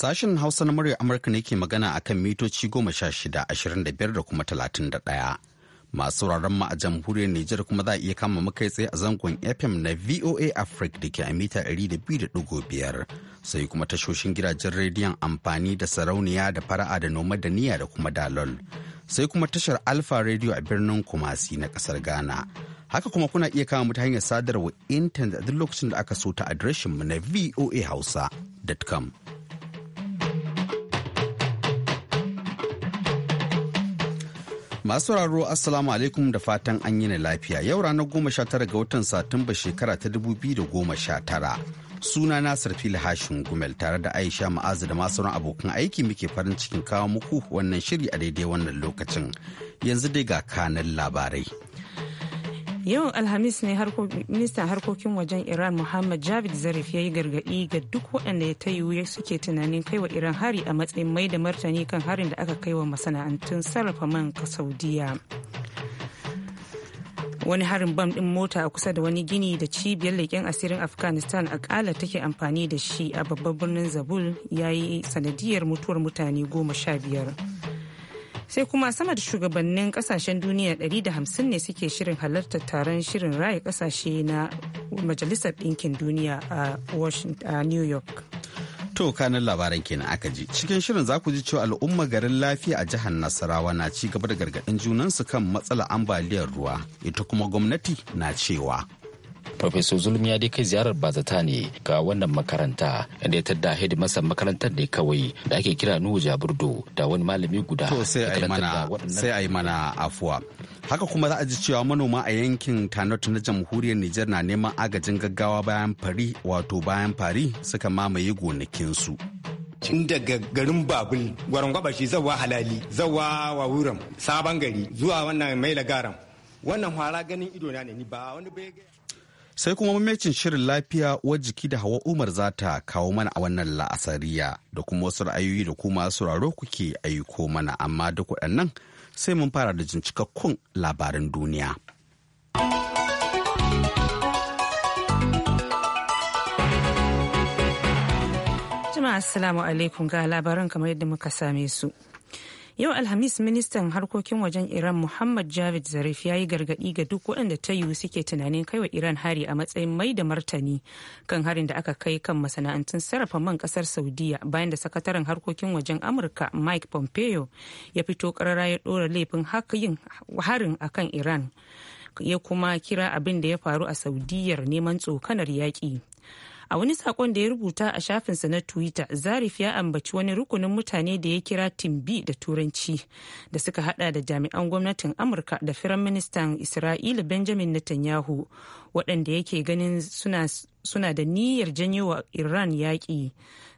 Sashen Hausa na murya Amurka ne ke magana a kan mitoci goma sha shida, ashirin da biyar da kuma talatin da ɗaya. Masu sauraron mu a jamhuriyar Nijar kuma za a iya kama mu yi tsaye a zangon FM na VOA Africa da ke a mita 200.5 biyu da ɗigo Sai kuma tashoshin gidajen rediyon amfani da sarauniya da fara'a da noma da niyya da kuma dalol. Sai kuma tashar Alfa Radio a birnin Kumasi na ƙasar Ghana. Haka kuma kuna iya kama mu ta hanyar sadarwa intanet a duk lokacin da aka so ta adireshin mu na voahausa.com. Masu sauraro Assalamu alaikum da fatan an yi lafiya yau ranar goma sha tara ga watan Satumba shekara ta dubu biyu da goma sha tara. Suna na Sarfil Hashin Gumel tare da Aisha Ma'azu da masu sauran abokan aiki muke farin cikin kawo muku wannan shiri a daidai wannan lokacin. Yanzu dai ga kanan labarai. yau alhamis ne ministan harkokin wajen iran muhammad javid zarif ya yi gargaɗi ga duk waɗanda ya ta yiwu suke tunanin wa iran hari a matsayin mai da martani kan harin da aka kai wa masana'antun sarrafa man saudiya wani harin bam ɗin mota a kusa da wani gini da cibiyar leƙen asirin afghanistan ƙala take amfani da shi a babban birnin zabul ya yi sanadiyar mutuwar mutane goma sha biyar. sai kuma sama da shugabannin kasashen duniya 150 ne suke shirin halartar taron shirin raya kasashe na majalisar ɗinkin duniya a new york to kanin labaran kenan aka ji cikin shirin za ku ji cewa al'umma garin lafiya a jihar nasarawa na ci gaba da gargaɗin junansu kan matsala ambaliyar ruwa ita kuma gwamnati na cewa Professor Zulum ya dai kai ziyarar bazata ne ga wannan makaranta inda ya tadda hidimarsa makarantar ne kawai da ake kira Nuhu Jaburdo da wani malami guda. To sai a mana sai a yi mana afuwa. Haka kuma za a ji cewa manoma a yankin Tanot na jamhuriyar Nijar na neman agajin gaggawa bayan fari wato bayan fari suka mamaye gonakinsu. tun daga garin babul gwaron shi zawa halali zawa wuram sabon gari zuwa wannan mai lagaran wannan hwara ganin idona ne ba wani bai sai kuma mamacin shirin lafiya uwar jiki da hawa umar za ta kawo mana a wannan la'asariya da kuma wasu ra'ayoyi da kuma sauraro kuke aiko mana amma duk waɗannan sai mun fara da cikakkun labaran duniya. Jama'a Assalamu alaikum ga labaran kamar yadda muka same su. yau alhamis ministan harkokin wajen iran muhammad javid zarif ya yi gargadi ga duk waɗanda ta yiwu suke tunanin kai wa iran hari a matsayin mai da martani kan harin da aka kai kan masana'antun sarrafa man kasar saudiya bayan da sakataren harkokin wajen amurka mike pompeo ya fito karara ya ɗora laifin harin akan iran ya kuma kira abin da ya faru a saudiyar neman tsokanar yaƙi a wani sakon da ya rubuta a shafinsa na twitter zarif ya ambaci wani rukunin mutane da ya kira timbi da turanci da suka hada da jami'an gwamnatin amurka da firan ministan isra'ila benjamin netanyahu waɗanda yake ganin suna suna da niyyar janyo wa Iran yaƙi.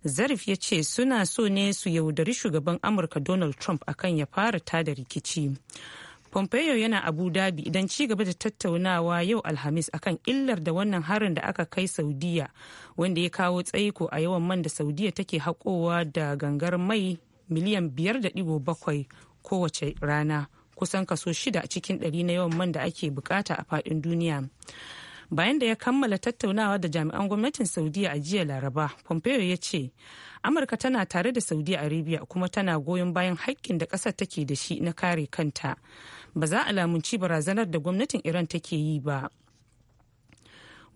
Zarif ya ce suna so ne su yaudari shugaban Amurka Donald Trump akan ya fara tada rikici. Pompeo yana Abu Dhabi don ci gaba da tattaunawa yau Alhamis akan illar da wannan harin da aka kai Saudiya wanda ya kawo tsaiko a yawan man da Saudiya take haƙowa da gangar mai miliyan 5.7 kowace rana kusan kaso 6 cikin ɗari na yawan man da ake bukata a faɗin duniya. bayan da ya kammala tattaunawa da jami'an gwamnatin saudiya a jiya laraba pompeo ya ce amurka tana tare da saudi arabia kuma tana goyon bayan haƙƙin da ƙasar take da shi na kare kanta ba za a lamunci barazanar da gwamnatin iran take yi ba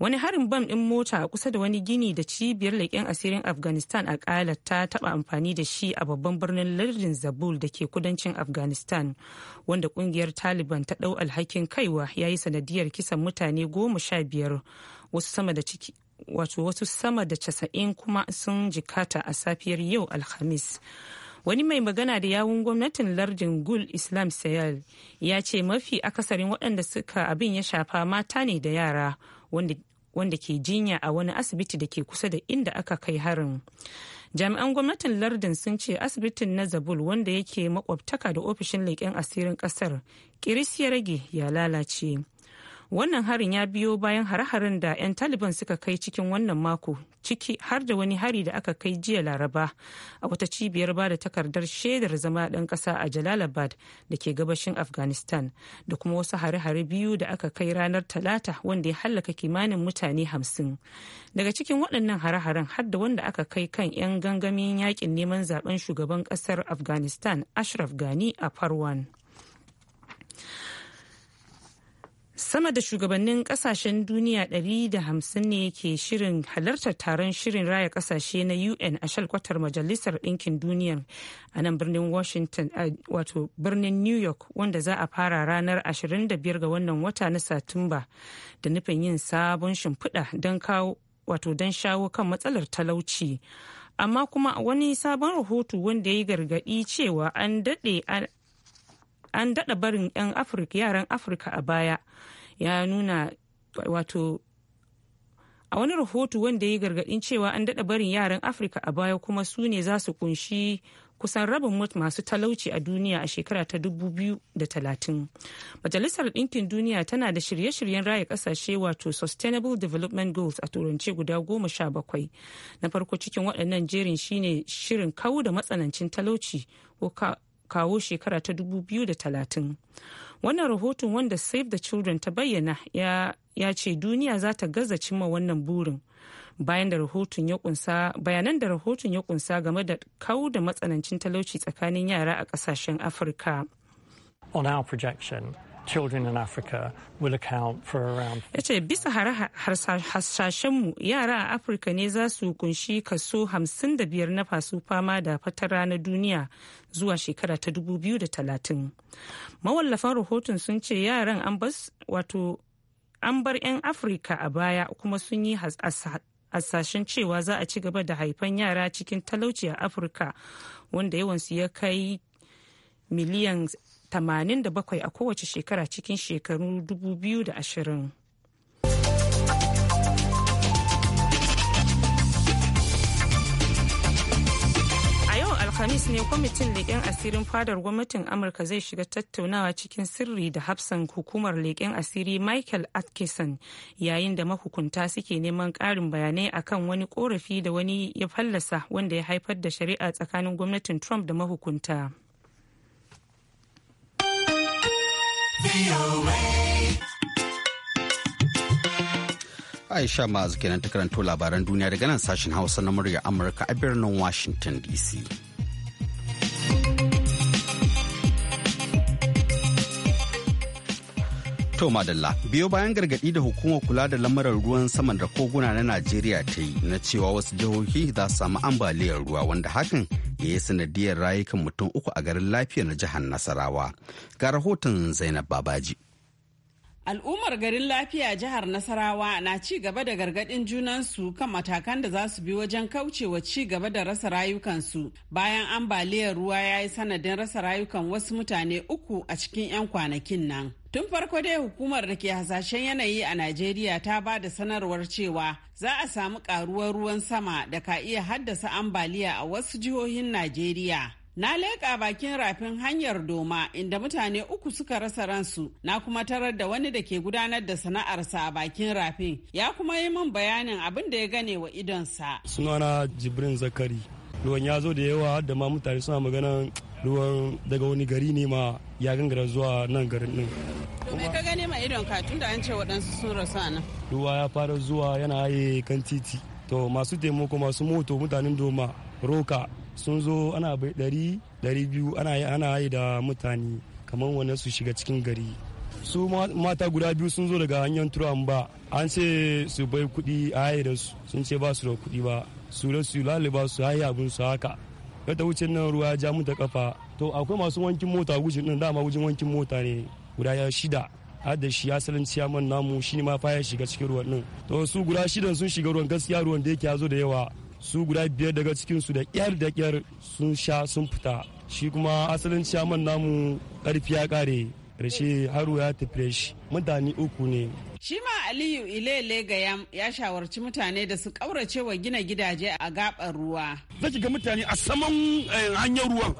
wani harin bam din mota a kusa da wani gini da cibiyar leƙen asirin afghanistan a ƙalar ta taɓa amfani da shi a babban birnin lardin zabul da ke kudancin afghanistan wanda ƙungiyar taliban ta ɗau alhakin kaiwa ya yi sanadiyar kisan mutane goma sha biyar wasu sama da ciki wasu sama da casa'in kuma sun jikata a safiyar yau alhamis wani mai magana da yawun gwamnatin lardin gul islam sayal ya ce mafi akasarin waɗanda suka abin ya shafa mata ne da yara wanda ke jinya a wani asibiti da ke kusa da inda aka kai harin jami'an gwamnatin lardin sun ce asibitin na zabul wanda yake makwabtaka da ofishin leƙen asirin ƙasar kirisiyar rage ya lalace wannan harin ya biyo bayan hare-haren da 'yan taliban suka kai cikin wannan mako ciki har da wani hari da aka kai jiya laraba a wata cibiyar ba da takardar shaidar zama ɗan ƙasa a jalalabad da ke gabashin afghanistan da kuma wasu hare-hare biyu da aka kai ranar talata wanda ya hallaka kimanin mutane hamsin daga cikin waɗannan hare-haren har da wanda aka kai kan 'yan gangamin yakin neman zaben shugaban ƙasar afghanistan ashraf gani a farwan sama da shugabannin kasashen duniya 150 ne ke shirin halartar taron shirin raya kasashe na un a shalkwatar majalisar ɗinkin Duniya a nan birnin washington wato birnin new york wanda za a fara ranar 25 ga wannan wata na satumba da nufin yin sabon shimfiɗa don kawo wato don shawo kan matsalar talauci amma kuma wani sabon rahoto wanda ya yi gargaɗi cewa an daɗe an daɗa barin 'yan afirka yaran afirka a baya ya nuna wato a wani rahoto wanda ya gargaɗin cewa an daɗa barin yaran afirka a baya kuma su ne za su kunshi kusan rabin masu talauci a duniya a shekara ta 2030. Majalisar Ɗinkin Duniya tana da shirye-shiryen raya kasashe wato Sustainable Development Goals a turance guda goma sha bakwai. Na farko cikin waɗannan jerin shine shirin kawo da matsanancin talauci ko kawo shekara ta 2030 wannan rahoton wanda save the children ta bayyana ya ce duniya za ta gaza cimma wannan burin bayanan da rahoton ya kunsa game da kawo da matsanancin talauci tsakanin yara a kasashen afirka on our projection bisa hasashenmu yara a Afirka ne za su kunshi kaso 55 na fasu fama da fatara na duniya zuwa shekara ta 2030. Mawallafan rahoton sun ce yaran an bar 'yan Afirka a baya kuma sun yi hasashen cewa za a ci gaba da haifan yara cikin talauci a Afirka wanda yawansu ya kai miliyan tamanin da bakwai a kowace shekara cikin shekaru dubu biyu da ashirin. a yau alhamis ne kwamitin leƙen asirin fadar gwamnatin amurka zai shiga tattaunawa cikin sirri da hafsan hukumar leƙen asiri michael atkinson yayin da mahukunta suke neman ƙarin bayanai akan wani korafi da wani ya fallasa wanda ya haifar da shari'a tsakanin gwamnatin trump da mahukunta Aisha Ma'azu kenan ta karanto labaran duniya daga nan sashen Hausa na murya Amurka a birnin Washington DC. To Madalla, biyo bayan gargaɗi da hukumar kula da lamarar ruwan saman da koguna na Najeriya ta yi na cewa wasu jihohi za su samu ambaliyar ruwa wanda hakan ya yi sanadiyar rayukan mutum uku a garin lafiya na jihar Nasarawa. Ga rahoton Zainab Babaji. Al'ummar garin lafiya jihar Nasarawa na ci gaba da gargaɗin junansu kan matakan da za su bi wajen kaucewa ci gaba da rasa rayukansu bayan ambaliyar ruwa ya yi sanadin rasa rayukan wasu mutane uku a cikin 'yan kwanakin nan. Tun farko dai hukumar da ke hasashen yanayi a Najeriya ta ba da sanarwar cewa za a samu karuwar ruwan sama da ka iya haddasa ambaliya a wasu jihohin Najeriya. Na leƙa bakin rafin hanyar doma inda mutane uku suka rasa ransu na kuma tarar da wani da ke gudanar da sana'arsa a bakin rafin ya kuma yi min bayanin abin da ya gane wa idonsa. Sunana Jibrin Zakari. Ruwan ya zo da yawa da ma mutane suna maganan ruwan daga wani gari ne ma ya gangara zuwa nan garin din domin ka gane ma idon ka tunda an ce waɗansu sun rasu a nan ruwa ya fara zuwa yana haye kan titi to masu taimako masu moto mutanen doma roka sun zo ana bai ɗari ɗari biyu ana haye da mutane kamar wani su shiga cikin gari su mata guda biyu sun zo daga hanyar turan ba an ce su bai kuɗi a haye da su sun ce ba su da kuɗi ba su da su laliba su haye abin su haka ya ta wuce nan ruwa ja mu ta kafa to akwai masu wankin mota gujin nan dama wujin wankin mota ne guda ya shida har da shi asalin ciyaman namu shi ma fa ya shiga cikin ruwan nan to su guda shidan sun shiga ruwan gaskiya ruwan da yake ya zo da yawa su guda biyar daga cikin su da kyar da kyar sun sha sun fita shi kuma asalin ciyaman namu karfi ya kare rashe haru ya tafi mutane uku ne Shi ma Aliyu Ilele Gayam ya shawarci mutane da su kaurace wa gina gidaje a gaɓar ruwa. Zaki ga mutane a saman eh, hanyar ruwan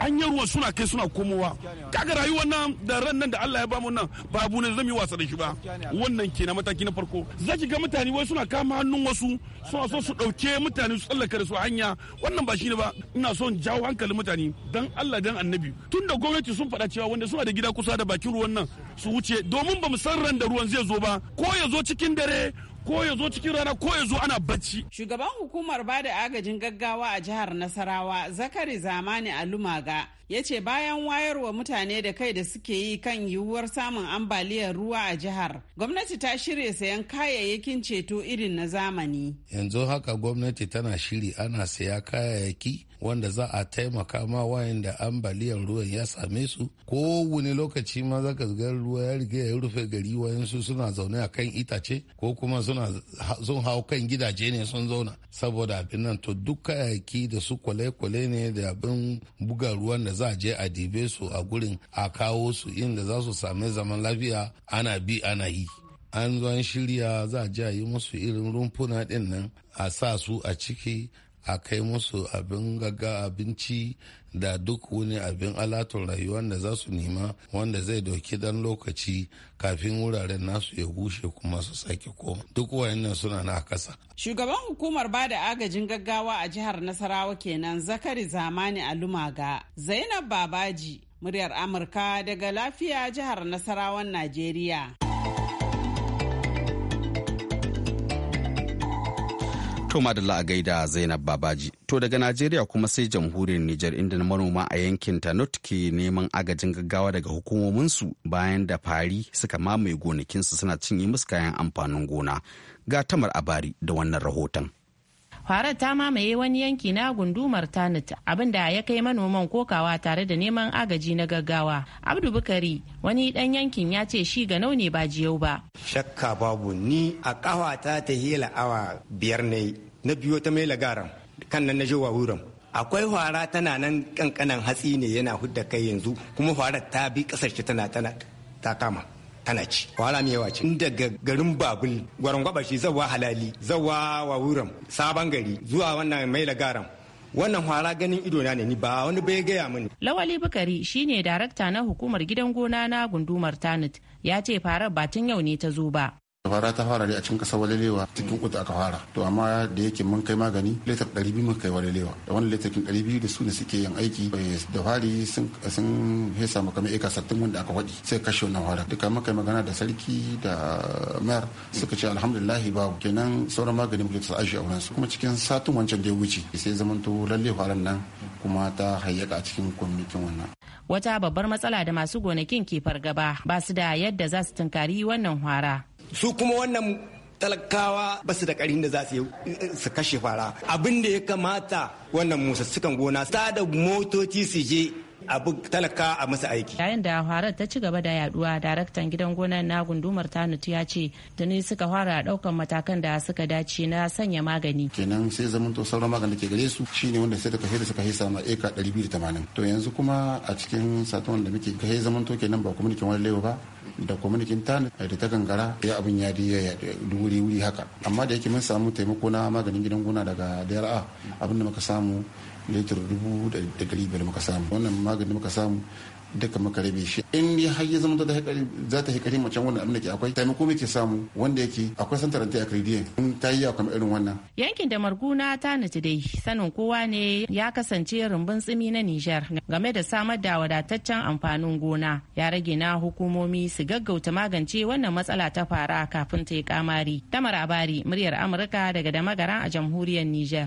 hanyar ruwa suna kai suna komowa kaga rayuwar nan da ran nan da Allah ya bamu nan ba abu ne zan yi wasa da shi ba wannan ke na mataki na farko zaki ga mutane wai suna kama hannun wasu suna so su dauke mutane su tsallaka da su hanya wannan ba shi ne ba ina son jawo hankalin mutane dan Allah dan annabi tun da gwamnati sun faɗa cewa wanda suna da gida kusa da bakin ruwan nan su wuce domin ba mu san ran da ruwan zai zo ba ko ya zo cikin dare ko ya zo cikin rana ko ya zo ana bacci. Shugaban hukumar bada agajin gaggawa a jihar Nasarawa Zakari Zamani Alumaga ya ce bayan wayarwa mutane da kai da suke yi kan yiwuwar samun ambaliyar ruwa a jihar gwamnati ta shirya sayan kayayyakin ceto irin na zamani yanzu haka gwamnati tana shiri ana saya kayayyaki wanda za a taimaka ma wayan da ambaliyar ruwan ya same su wani lokaci ma zaka ga ruwa ya riga ya rufe gari wayansu suna zaune a kan itace ko kuma suna sun hau kan gidaje ne sun zauna saboda abin nan to duk kayayyaki da su kwale-kwale ne da abin buga ruwan da za a je a dibe su a gurin a kawo su inda za su sami zaman lafiya ana bi ana yi an zo shirya za a je a yi musu irin rumfuna din nan a sa su a ciki a kai musu abin gagga abinci da duk wani abin alatun rayuwa da za su nema wanda zai doki dan lokaci kafin wuraren nasu ya bushe kuma su sake koma duk wayannan suna na kasa shugaban hukumar ba da agajin gaggawa a jihar nasarawa kenan zakari zamani alumaga zainab babaji muryar amurka daga lafiya jihar nasarawan najeriya To madalla a gaida Zainab Babaji. To daga Najeriya kuma sai jamhuriyar Nijar inda manoma a yankin Tanut ke neman agajin gaggawa daga hukumominsu bayan da fari suka mamaye gonakinsu suna cinye musu kayan amfanin gona. Ga tamar abari da wannan rahoton. farar ta mamaye wani yanki na gundumar tanit da ya kai manoman kokawa tare da neman agaji na gaggawa abdu bukari wani dan yankin ya ce shi ga ne ba jiyau ba shakka babu ni a kawata ta hila awa biyar ne na biyo ta mai lagaran kan nan na je wa wurin akwai hwara tana nan kankanan hatsi ne yana hudda kai yanzu kuma hwarar ta bi kasar tana tana ta kama tana ci wahala mai yawa ce daga garin babul gwaba shi zawa halali zawa wawuram sabon gari zuwa wannan mai garam wannan hwara ganin idona ne ni ba wani bai gaya mini. Lawali Bukari shine darakta na hukumar gidan gona na gundumar Tanit ya ce farar batun yau ne ta zo ba. fara ta fara ne a cikin kasar walelewa cikin kuta aka fara to amma da yake mun kai magani letar biyu mun kai walelewa da wannan letar biyu da su ne suke yin aiki eh, da fari sun hesa mu mai eka sattin wanda aka faɗi sai kashe wannan fara duka kai magana da sarki da mayar suka ce ba babu kenan sauran magani muke ta aji a wurin su kuma cikin satin wancan da ya wuce sai zamanto lalle faran nan kuma ta hayyaka a cikin kwamitin wannan wata babbar matsala da masu gonakin ke fargaba ba su da yadda za su tunkari wannan hwara su kuma wannan talakawa ba su da karin da za su eh, su kashe fara abin da ya kamata wannan sukan gona ta da motoci su je abu talaka a masa aiki yayin da harar ta ci gaba da yaduwa daraktan gidan gonar na gundumar tanutu ya ce tuni suka fara daukan matakan da suka dace na sanya magani kenan sai zaman to sauran magani da ke gare su shine wanda sai da kafe da suka hisa ma eka 280 to yanzu kuma a cikin satuwan da muke kafe zaman to kenan ba kuma wani lewa ba da kwamitin tana da ta gangara ya abin ya ya wuri wuri haka amma da yake mun samu taimako na maganin gidan gona daga DRA abinda muka samu litir dubu da dari biyar muka samu wannan maganin muka samu duka muka rabe shi in ni har ya zama za ta hekari macen wannan abin da ke akwai taimako ke samu wanda yake akwai santaranta a krediyan in ta yi akwai irin wannan yankin da marguna ta nace dai sanin kowa ne ya kasance rumbun tsimi na Nijar game da samar da wadataccen amfanin gona ya rage na hukumomi su gaggauta magance wannan matsala ta fara kafin ta yi kamari tamar abari muryar amurka daga da magaran a jamhuriyar Nijar.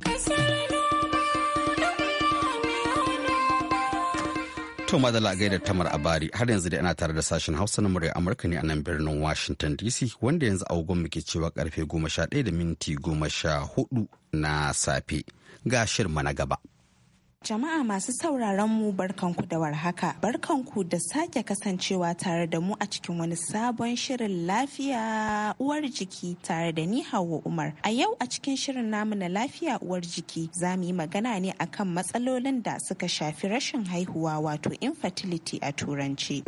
To madala gaida tamar bari har yanzu da ana tare da sashen hausa na murya amurka ne a nan birnin washington dc wanda yanzu agogon muke cewa karfe ɗaya da minti goma sha hudu na safe ga shirma na gaba. Jama'a masu sauraron mu barkanku da warhaka. Barkanku da sake kasancewa tare da mu a cikin wani sabon shirin lafiya uwar jiki tare da ni Hauwa Umar. A yau a cikin shirin namu na lafiya uwar jiki za mu yi magana ne akan matsalolin da suka shafi rashin haihuwa wato infertility a turanci.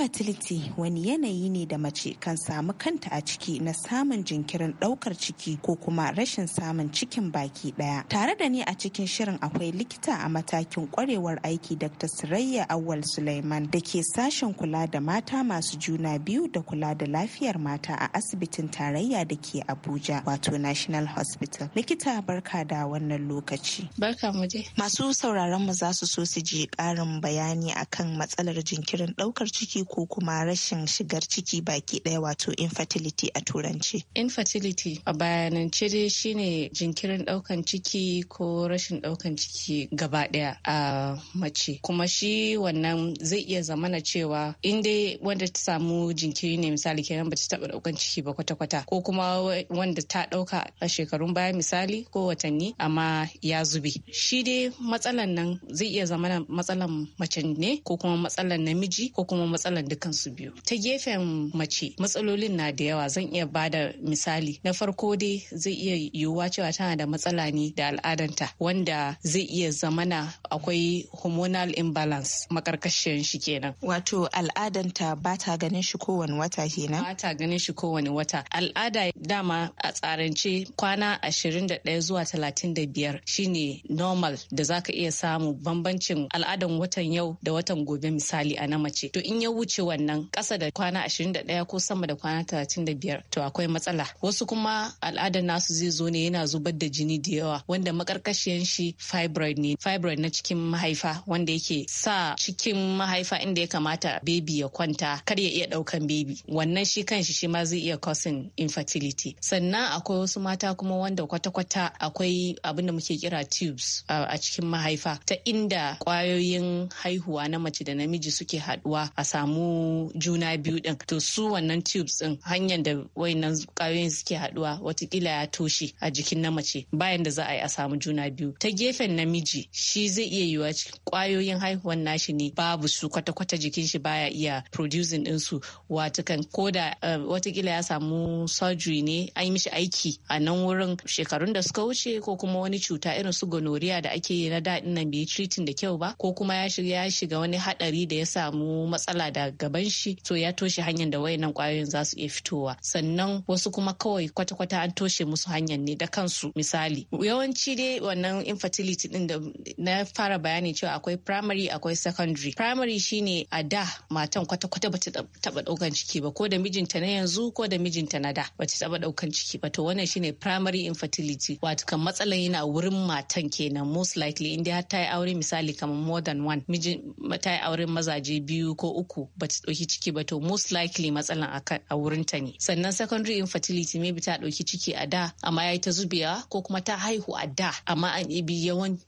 infertility wani yanayi ne da mace kan samu kanta a ciki na samun jinkirin daukar ciki ko kuma rashin samun cikin baki daya tare da ni a cikin shirin akwai likita a matakin kwarewar aiki dr sirayya awal suleiman da ke sashen kula da mata masu juna biyu da kula da lafiyar mata a asibitin tarayya da ke abuja wato national hospital likita barka da wannan lokaci barka mu masu sauraron mu za su so su ji karin bayani akan matsalar jinkirin daukar ciki ko kuma rashin shigar ciki baki ɗaya wato infertility a turanci. Infertility a bayanance dai shine jinkirin ɗaukan ciki ko rashin ɗaukan ciki gaba ɗaya a mace. Kuma shi wannan zai iya zamana cewa in dai wanda ta samu jinkiri ne misali kenan bata taɓa ɗaukan ciki ba kwata-kwata ko kuma wanda ta ɗauka a shekarun baya misali ko watanni amma ya zube. Shi dai matsalan nan zai iya zamana matsalan mace ne ko kuma matsalan namiji ko kuma matsalan matsalan dukansu biyu ta gefen mace matsalolin na da yawa zan iya ba da misali na farko dai zai iya yiwuwa cewa tana da matsala ne da al'adanta wanda zai iya zamana akwai hormonal imbalance makarkashiyar shi kenan wato al'adanta ba ta ganin shi kowane wata kenan ba ta ganin shi kowane wata al'ada dama a tsarance kwana 21 zuwa 35 shine normal da zaka iya samu bambancin al'adan watan yau da watan gobe misali a na mace to in ya wuce wannan ƙasa da kwana 21 ko sama da kwana 35 to akwai matsala wasu kuma al'adar nasu zai zo ne yana zubar da jini da yawa wanda makarkashiyan shi fibroid ne fibroid na cikin mahaifa wanda yake sa cikin mahaifa inda ya kamata baby ya kwanta kar ya iya daukan baby wannan shi kanshi shi ma zai iya causing infertility sannan akwai wasu mata kuma wanda kwata-kwata akwai abin da muke kira tubes a cikin mahaifa ta inda kwayoyin haihuwa na mace da namiji suke haɗuwa a samu samu juna biyu din to su wannan tubes din hanyar da wayannan kwayoyin suke haduwa watakila ya toshe a jikin na mace bayan da za a yi a samu juna biyu ta gefen namiji shi zai iya yiwa kwayoyin haihuwan nashi ne babu su kwata-kwata jikin shi baya iya producing din su watakan da eh, watakila ya samu surgery ne an yi mishi aiki a nan wurin shekarun da suka wuce ko kuma wani cuta irin su gonoriya da ake yi na daɗin nan bai treating da kyau ba ko kuma ya shiga wani haɗari da ya samu matsala da da gaban shi to ya toshe hanyar da wayannan kwayoyin za su iya fitowa sannan wasu kuma kawai kwata-kwata an toshe musu hanyar ne da kansu misali yawanci dai wannan infertility din da na fara bayani cewa akwai primary akwai secondary primary shine a da matan kwata-kwata bata taba daukan ciki ba ko da mijinta na yanzu ko da mijinta na da bata taba daukan ciki ba to wannan shine primary infertility wato kan matsalan yana wurin matan kenan most likely in dai har ta yi aure misali kamar more than one mijin ta yi auren mazaje biyu ko uku ba ta ɗauki ciki ba to most likely matsalan a wurin ta ne sannan secondary infertility maybe ta ɗauki ciki a da amma ya ta zubewa ko kuma ta haihu a da amma an ibi yawan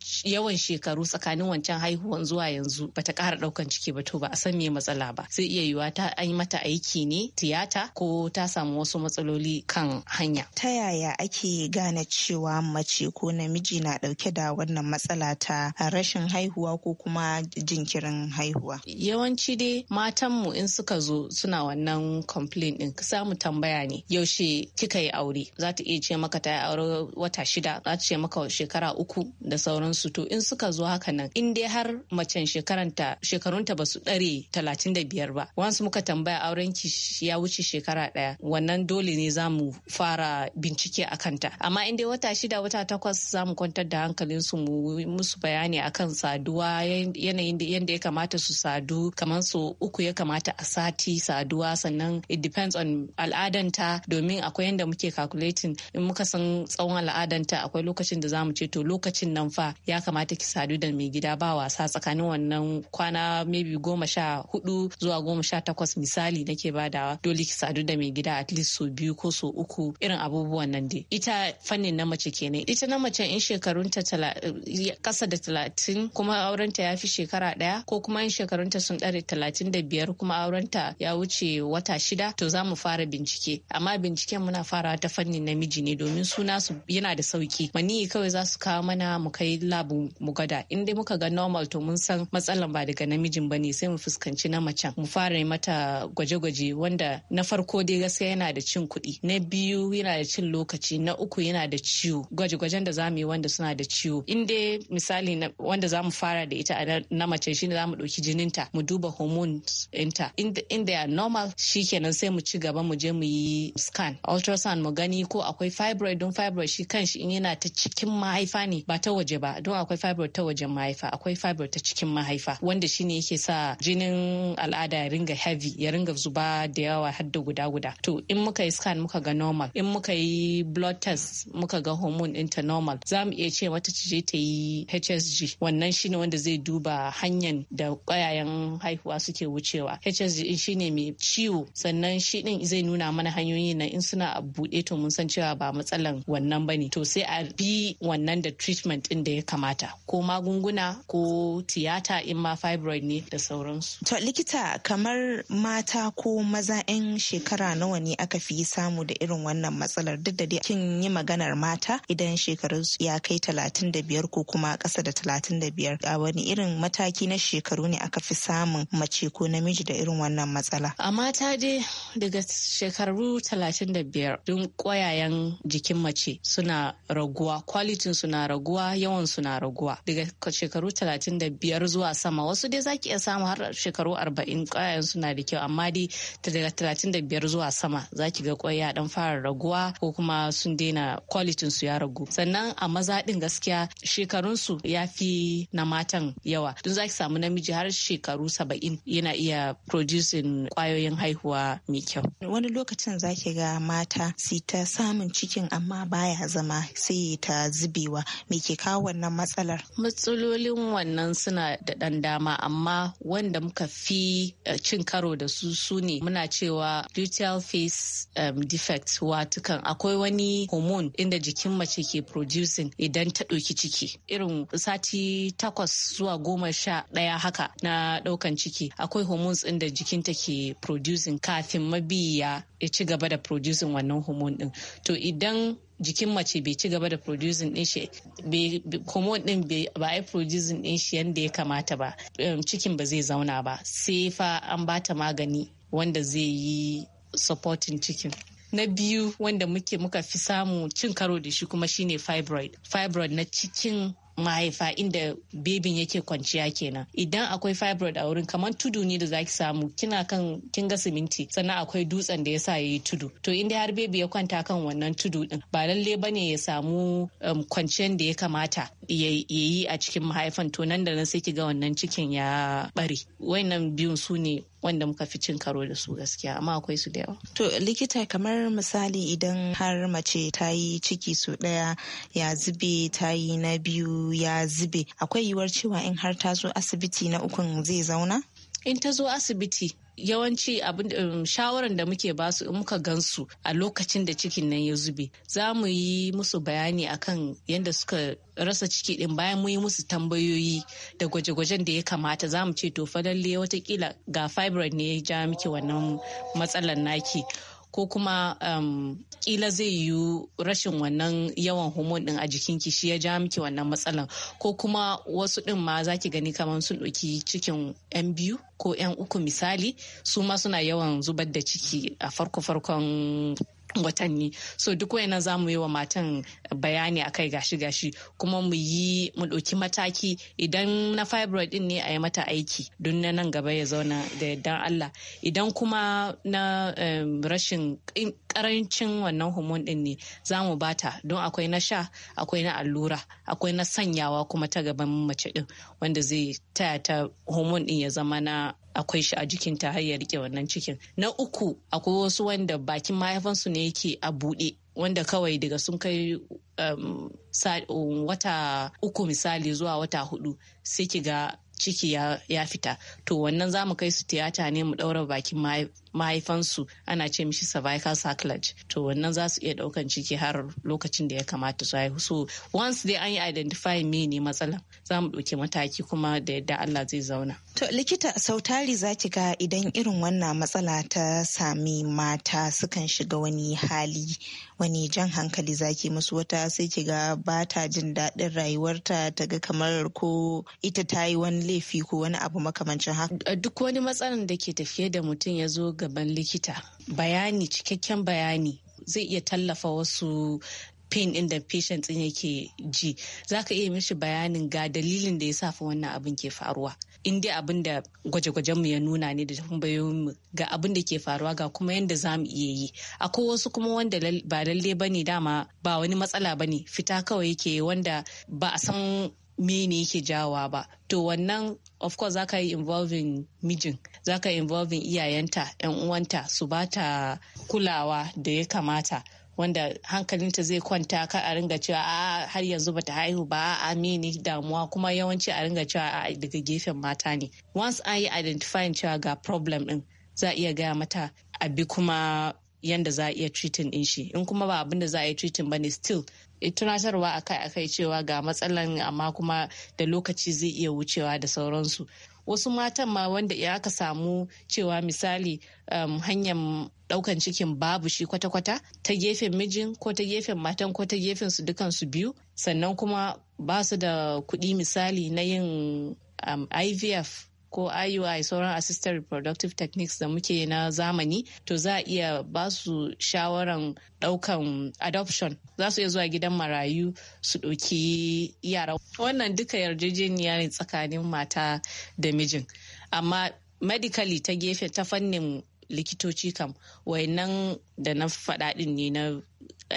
shekaru tsakanin wancan haihuwan zuwa yanzu ba ta ƙara ɗaukan ciki ba to ba a san me matsala ba zai iya yiwuwa ta an yi mata aiki ne tiyata ko ta samu wasu matsaloli kan hanya. Ta yaya ake gane cewa mace ko namiji na ɗauke da wannan matsala ta rashin haihuwa ko kuma jinkirin haihuwa? Yawanci dai mu in suka zo suna wannan complain din za mu tambaya ne yaushe kika yi aure za ta iya ce maka ta yi aure wata shida za ta ce maka shekara uku da sauransu to in suka zo haka nan in dai har mace shekaranta shekarunta ba su ɗare talatin da biyar ba wansu muka tambaya auren ki ya wuce shekara ɗaya wannan dole ne za mu fara bincike a kanta amma in dai wata shida wata takwas za mu kwantar da hankalinsu mu musu bayani akan saduwa yanayin yadda ya kamata su sadu kamar su uku ya kamata a sati saduwa sannan it depends on al'adanta domin akwai yadda muke calculating in muka san tsawon al'adanta akwai lokacin da zamu ce to lokacin nan fa ya kamata ki sadu da mai gida ba wasa tsakanin wannan kwana maybe goma sha hudu zuwa goma sha takwas misali nake badawa dole ki sadu da mai gida at least so biyu ko so uku irin abubuwan nan dai ita fannin na mace kenan ita na mace in shekarunta kasa da talatin kuma aurenta ya fi shekara daya ko kuma in shekarunta sun dare talatin da biyar kuma aurenta ya wuce wata shida to za mu fara bincike amma binciken muna farawa ta fannin namiji ne domin suna su yana da sauki maniyi kawai za su kawo mana mu kai labu mu gada in dai muka ga normal to mun san matsalan ba daga namijin ba ne sai mu fuskanci na macen mu fara mata gwaje-gwaje wanda na farko dai gaskiya yana da cin kuɗi na biyu yana da cin lokaci na uku yana da ciwo gwaje-gwajen da za mu yi wanda suna da ciwo in dai misali wanda za mu fara da ita na mace shine za mu ɗauki jininta mu duba hormones enter in they are normal shikenan sai mu ci gaba mu je mu yi scan ultrasound mu gani ko akwai fibroid don fibroid shi kanshi in yana ta cikin mahaifa ne ba ta waje ba don akwai fibroid ta wajen mahaifa akwai fibroid ta cikin mahaifa wanda shine yake sa jinin al'ada ya ringa heavy ya ringa zuba da yawa har da guda guda to in muka yi scan muka ga normal in muka yi blood test muka ga hormone ta normal za mu iya ce wata ce ta yi hsg wannan shine wanda zai duba hanyar da ƙwayayen haihuwa suke wuce wucewa hsg shine mai ciwo sannan shi din zai nuna mana hanyoyin na in suna a buɗe to mun san cewa ba matsalan wannan bane to sai a bi wannan da treatment din da ya kamata ko magunguna ko tiyata in ma fibroid ne da sauransu to likita kamar mata ko maza 'yan shekara nawa ne aka fi samu da irin wannan matsalar duk da dai kin yi maganar mata idan shekarunsu ya kai talatin da biyar ko kuma ƙasa da talatin da biyar a wani irin mataki na shekaru ne aka fi samun mace ko namiji da irin wannan matsala? A mata dai daga shekaru 35 don kwayayen jikin mace suna raguwa, kwalitin suna raguwa, yawan suna raguwa. Daga shekaru 35 zuwa sama wasu dai zaki iya samu har shekaru 40 kwayayen suna da kyau amma dai daga 35 zuwa sama zaki ga kwaya dan fara raguwa ko kuma sun daina kwalitin su ya ragu. Sannan a maza din gaskiya shekarun su ya fi na matan yawa. Don zaki samu namiji har shekaru 70 yana iya producing kwayoyin haihuwa mai kyau. Wani lokacin zaki ga mata si ta samun cikin amma baya zama sai ta zubewa me ke kawo wannan matsalar. Matsalolin wannan suna da ɗan dama amma wanda muka fi eh, cin karo da su su ne muna cewa luteal face um, defect watukan akwai wani hormone inda jikin mace ke producing idan ta ɗauki ciki irin sati takwas zuwa goma sha ɗaya haka na ɗaukan ciki akwai hormones ɗin da jikin ta ke producing kafin mabiya ya ci gaba da producing wannan hormone ɗin to idan jikin mace bai ci gaba da producing din shi hormone din ba a producing din shi yadda ya kamata ba um, cikin ba zai zauna ba sai fa an bata magani wanda zai yi supporting cikin na biyu wanda muke muka fi samu cin karo da shi kuma shine fibroid fibroid na cikin mahaifa inda bebin yake kwanciya kenan idan akwai fibroid a wurin kamar tudu ne da zaki samu kina kan kin ga siminti sannan akwai dutsen da yasa yayi tudu to inda har bebi ya kwanta kan wannan tudu din ba lalle bane ya samu um, kwanciyar da ya kamata ya a cikin mahaifan to nan da nan sai ki ga wannan cikin ya bari wayannan biyun su ne wanda muka fi cin karo da su gaskiya amma akwai su da yawa. To likita kamar misali idan har mace ta yi ciki su ɗaya ya zube ta yi na biyu ya zube akwai yiwuwar cewa in har ta zo asibiti na ukun zai zauna? in ta zo asibiti yawanci abin um, shawaran da muke basu in muka gansu a lokacin da cikin nan ya zube za mu yi musu bayani akan yadda suka rasa ciki din bayan mu yi musu tambayoyi da gwaje-gwajen da ya kamata za mu ce to fa lalle watakila ga fibroid ne ya ja miki wannan matsalar naki ko kuma um, kila zai yi rashin wannan yawan homon din a jikinki shi ya ja miki wannan matsalan ko kuma wasu din ma za ki gani kamar sun ɗauki cikin yan biyu ko yan uku misali su ma suna yawan zubar da ciki a farko-farkon watanni so duk wayannan za mu yi wa matan bayani a kai gashi gashi kuma mu yi mu ɗauki mataki idan na fibroid din ne a yi mata aiki don na nan gaba ya zauna da yardan Allah idan kuma na rashin karancin wannan hormone din ne za mu bata don akwai na sha akwai na allura akwai na sanyawa kuma ta gaban mace din wanda zai taya ta hormone din ya zama na akwai shi a jikin ta har ya rike wannan cikin na uku akwai wasu wanda bakin mahaifansu ne yake a buɗe wanda kawai daga sun kai um, um, wata uku misali zuwa wata hudu sai ki ga ciki ya, fita to wannan za mu kai su tiyata ne mu ɗaura bakin mahaifansu ana ce mishi cervical sacrilege to wannan za su iya ɗaukan ciki har lokacin da ya kamata su haihu so once dai an yi identify me ne matsalan za mu ɗauki mataki kuma da yadda Allah zai zauna. To likita sautari za ki ga idan irin wannan matsala ta sami mata sukan shiga wani hali wani jan hankali za ki musu wata sai ki ga ba ta jin daɗin rayuwarta ta ga kamar ko ita ta yi wani laifi ko wani abu makamancin haka. Duk wani matsalar da ke tafiye da mutum ya zo gaban likita bayani cikakken bayani zai iya tallafa wasu pain in da patient din yake ji zaka iya mishi bayanin ga dalilin da ya sa fa wannan abin ke faruwa in dai abin da gwaje-gwajen mu ya nuna ne da tambayoyin mu ga abin da ke faruwa ga kuma yadda za mu iya yi akwai wasu kuma wanda ba lalle ne dama ba wani matsala ba ne fita kawai yake wanda ba a san mene yake jawa ba to wannan of course za ka yi involving mijin za zaka involving iyayenta yan uwanta su ba ta kulawa da ya kamata wanda hankalinta zai kwanta ka a ringa cewa a har yanzu bata haihu ba a amini damuwa kuma yawanci a ringa cewa a daga gefen mata ne once an yi identifying cewa ga problem din za a iya gaya mata a bi kuma yanda za a iya treating din shi in kuma ba abin da za a iya treating ba ne still tunatarwa akai-akai cewa ga matsalan amma kuma da lokaci zai iya wucewa da sauransu wasu matan ma wanda ya aka samu cewa misali um, hanyar daukan cikin babu shi kwata-kwata ta gefen mijin ko ta gefen matan ko ta gefen su dukansu biyu sannan kuma ba su da kuɗi misali na yin um, ivf ko IUI sauran assisted reproductive techniques da muke na zamani to za a iya ba su shawaran daukan adoption za su iya zuwa gidan marayu su ɗauki yara wannan duka yarjejeniya ne tsakanin mata da mijin amma medically ta gefe ta fannin likitoci kam wayannan da na faɗaɗin ne na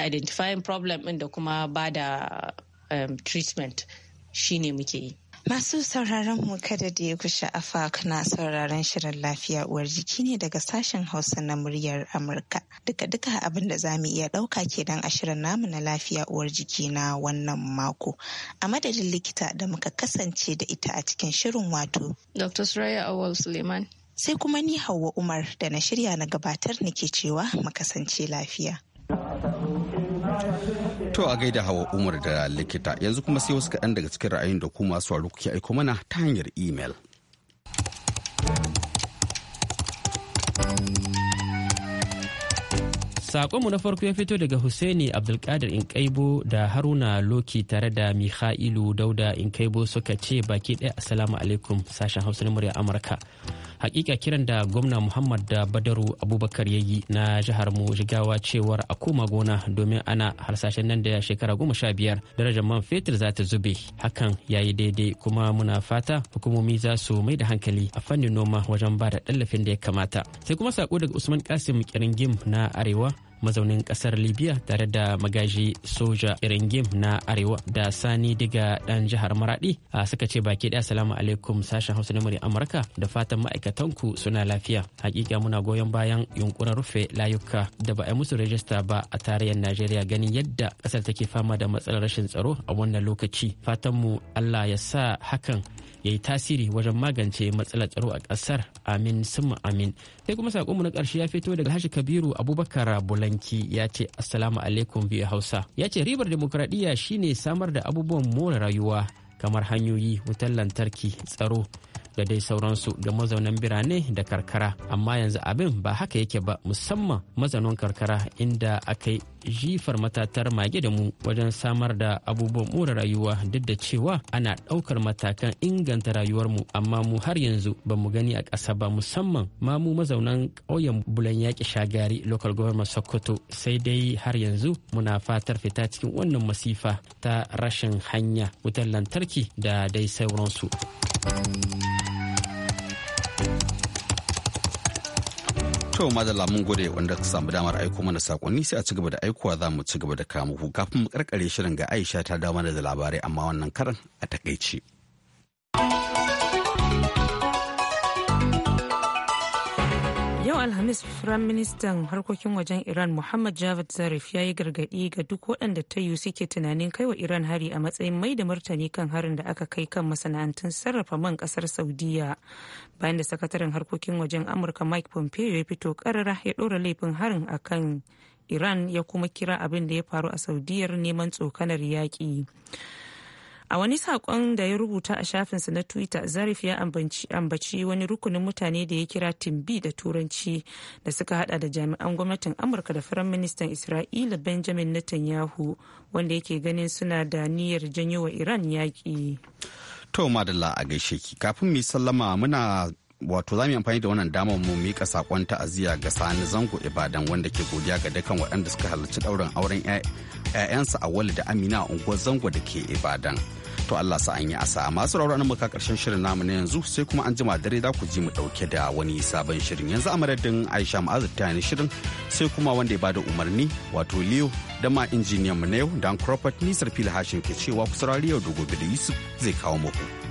identifying problem ɗin da kuma ba da um, treatment shine muke yi Masu sauraron mu kada da ya kusha afa kana sauraron shirin lafiya uwar jiki ne daga sashen Hausa na muryar Amurka. Duka duka abin da zamu iya dauka kenan a shirin namu na lafiya uwar jiki na wannan mako. A madadin likita da muka kasance da ita a cikin shirin wato. Dr. Suraya Awal Suleiman. Sai kuma ni Hauwa Umar da na shirya na gabatar nake cewa mu kasance lafiya. To a gaida hawa Umar da likita yanzu kuma sai wasu kaɗan daga cikin ra'ayin da kuma masu waro kuke aiko mana ta hanyar imel. Sakonmu na farko ya fito daga Hussaini Abdulkadir Inkaibo da Haruna Loki tare da Mikhailu Dauda Inkaibo suka ce baki ɗaya Assalamu alaikum sashen Hausa na murya Amurka. hakika kiran da gwamna muhammad da badaru abubakar ya yi na jihar mu jigawa cewar a koma gona domin ana harsashen nan da shekara goma sha biyar darajar man fetur za ta zube hakan ya yi daidai kuma muna fata hukumomi za su mai da hankali a fannin noma wajen ba da tallafin da ya kamata sai kuma sako daga usman kasim kiringim na arewa mazaunin kasar libya tare da magaji soja iringim na arewa da sani daga dan jihar maradi suka ce baki daya salamu alaikum sashen hausa na murya amurka da fatan ma'aikatanku suna lafiya hakika muna goyon bayan yunkurin rufe layuka da ba a musu rajista ba a tarayyar najeriya ganin yadda kasar take fama da matsalar rashin tsaro a wannan lokaci fatanmu allah ya sa hakan ya yi tasiri wajen magance matsalar tsaro a ƙasar amin summa amin sai kuma sakonmu na ƙarshe ya fito daga hashi kabiru abubakar bulanki ya ce assalamu alaikum biyu hausa ya ce ribar demokuraɗiyya shine samar da abubuwan more rayuwa kamar hanyoyi wutar lantarki tsaro da dai sauransu ga mazaunan birane da karkara amma yanzu abin ba haka yake ba musamman mazaunan karkara inda aka yi jifar matatar mage da mu wajen samar da abubuwan more rayuwa duk da cewa ana ɗaukar matakan inganta rayuwarmu amma mu har yanzu ba mu gani a ƙasa ba musamman ma mu mazaunan ƙauyen bulan yaƙi shagari local government sokoto sai dai har yanzu muna fatar fita cikin wannan masifa ta rashin hanya wutar lantarki da dai sauransu. To madalla mun gode wanda ka samu damar aiko mana sakonni sai a ci gaba da aikowa za mu ci gaba da kamu kafin mu karkare shirin ga Aisha ta dawo mana da labarai amma wannan karan a takaice. ministan harkokin wajen Iran Muhammad Javad Zarif ya yi gargaɗi ga duk waɗanda ta yi suke tunanin kai wa Iran hari a matsayin mai da martani kan harin da aka kai kan masana'antun sarrafa man ƙasar Saudiya. Bayan da sakataren harkokin wajen Amurka Mike Pompeo ya fito ƙarara ya ɗora laifin harin a kan Iran ya kuma kira abin da ya faru a Saudiyar neman tsokanar yaƙi. a wani saƙon da ya rubuta a shafinsa na twitter zarif ya ambaci wani rukunin mutane da ya kira timbi da turanci da suka hada da jami'an gwamnatin amurka da firan ministan isra'ila benjamin netanyahu wanda yake ganin suna da niyyar janyo wa iran yaƙi to madalla a gaishe ki kafin mu yi sallama muna wato za mu yi amfani da wannan damar mu mika sakon ta'aziyya ga sani zango ibadan wanda ke godiya ga dukkan waɗanda suka halarci ɗaurin auren 'ya'yansa a wali da amina a unguwar zango da ke ibadan to allah sa an yi asa masu raura nan muka karshen shirin namu na yanzu sai kuma an jima dare za ku ji mu ɗauke da wani sabon shirin yanzu a madadin aisha ma'azu ta ni shirin sai kuma wanda ya bada umarni wato leo da ma injiniyan mu na yau dan crawford nisar fili hashin ke cewa ku saurari yau da gobe da yusuf zai kawo muku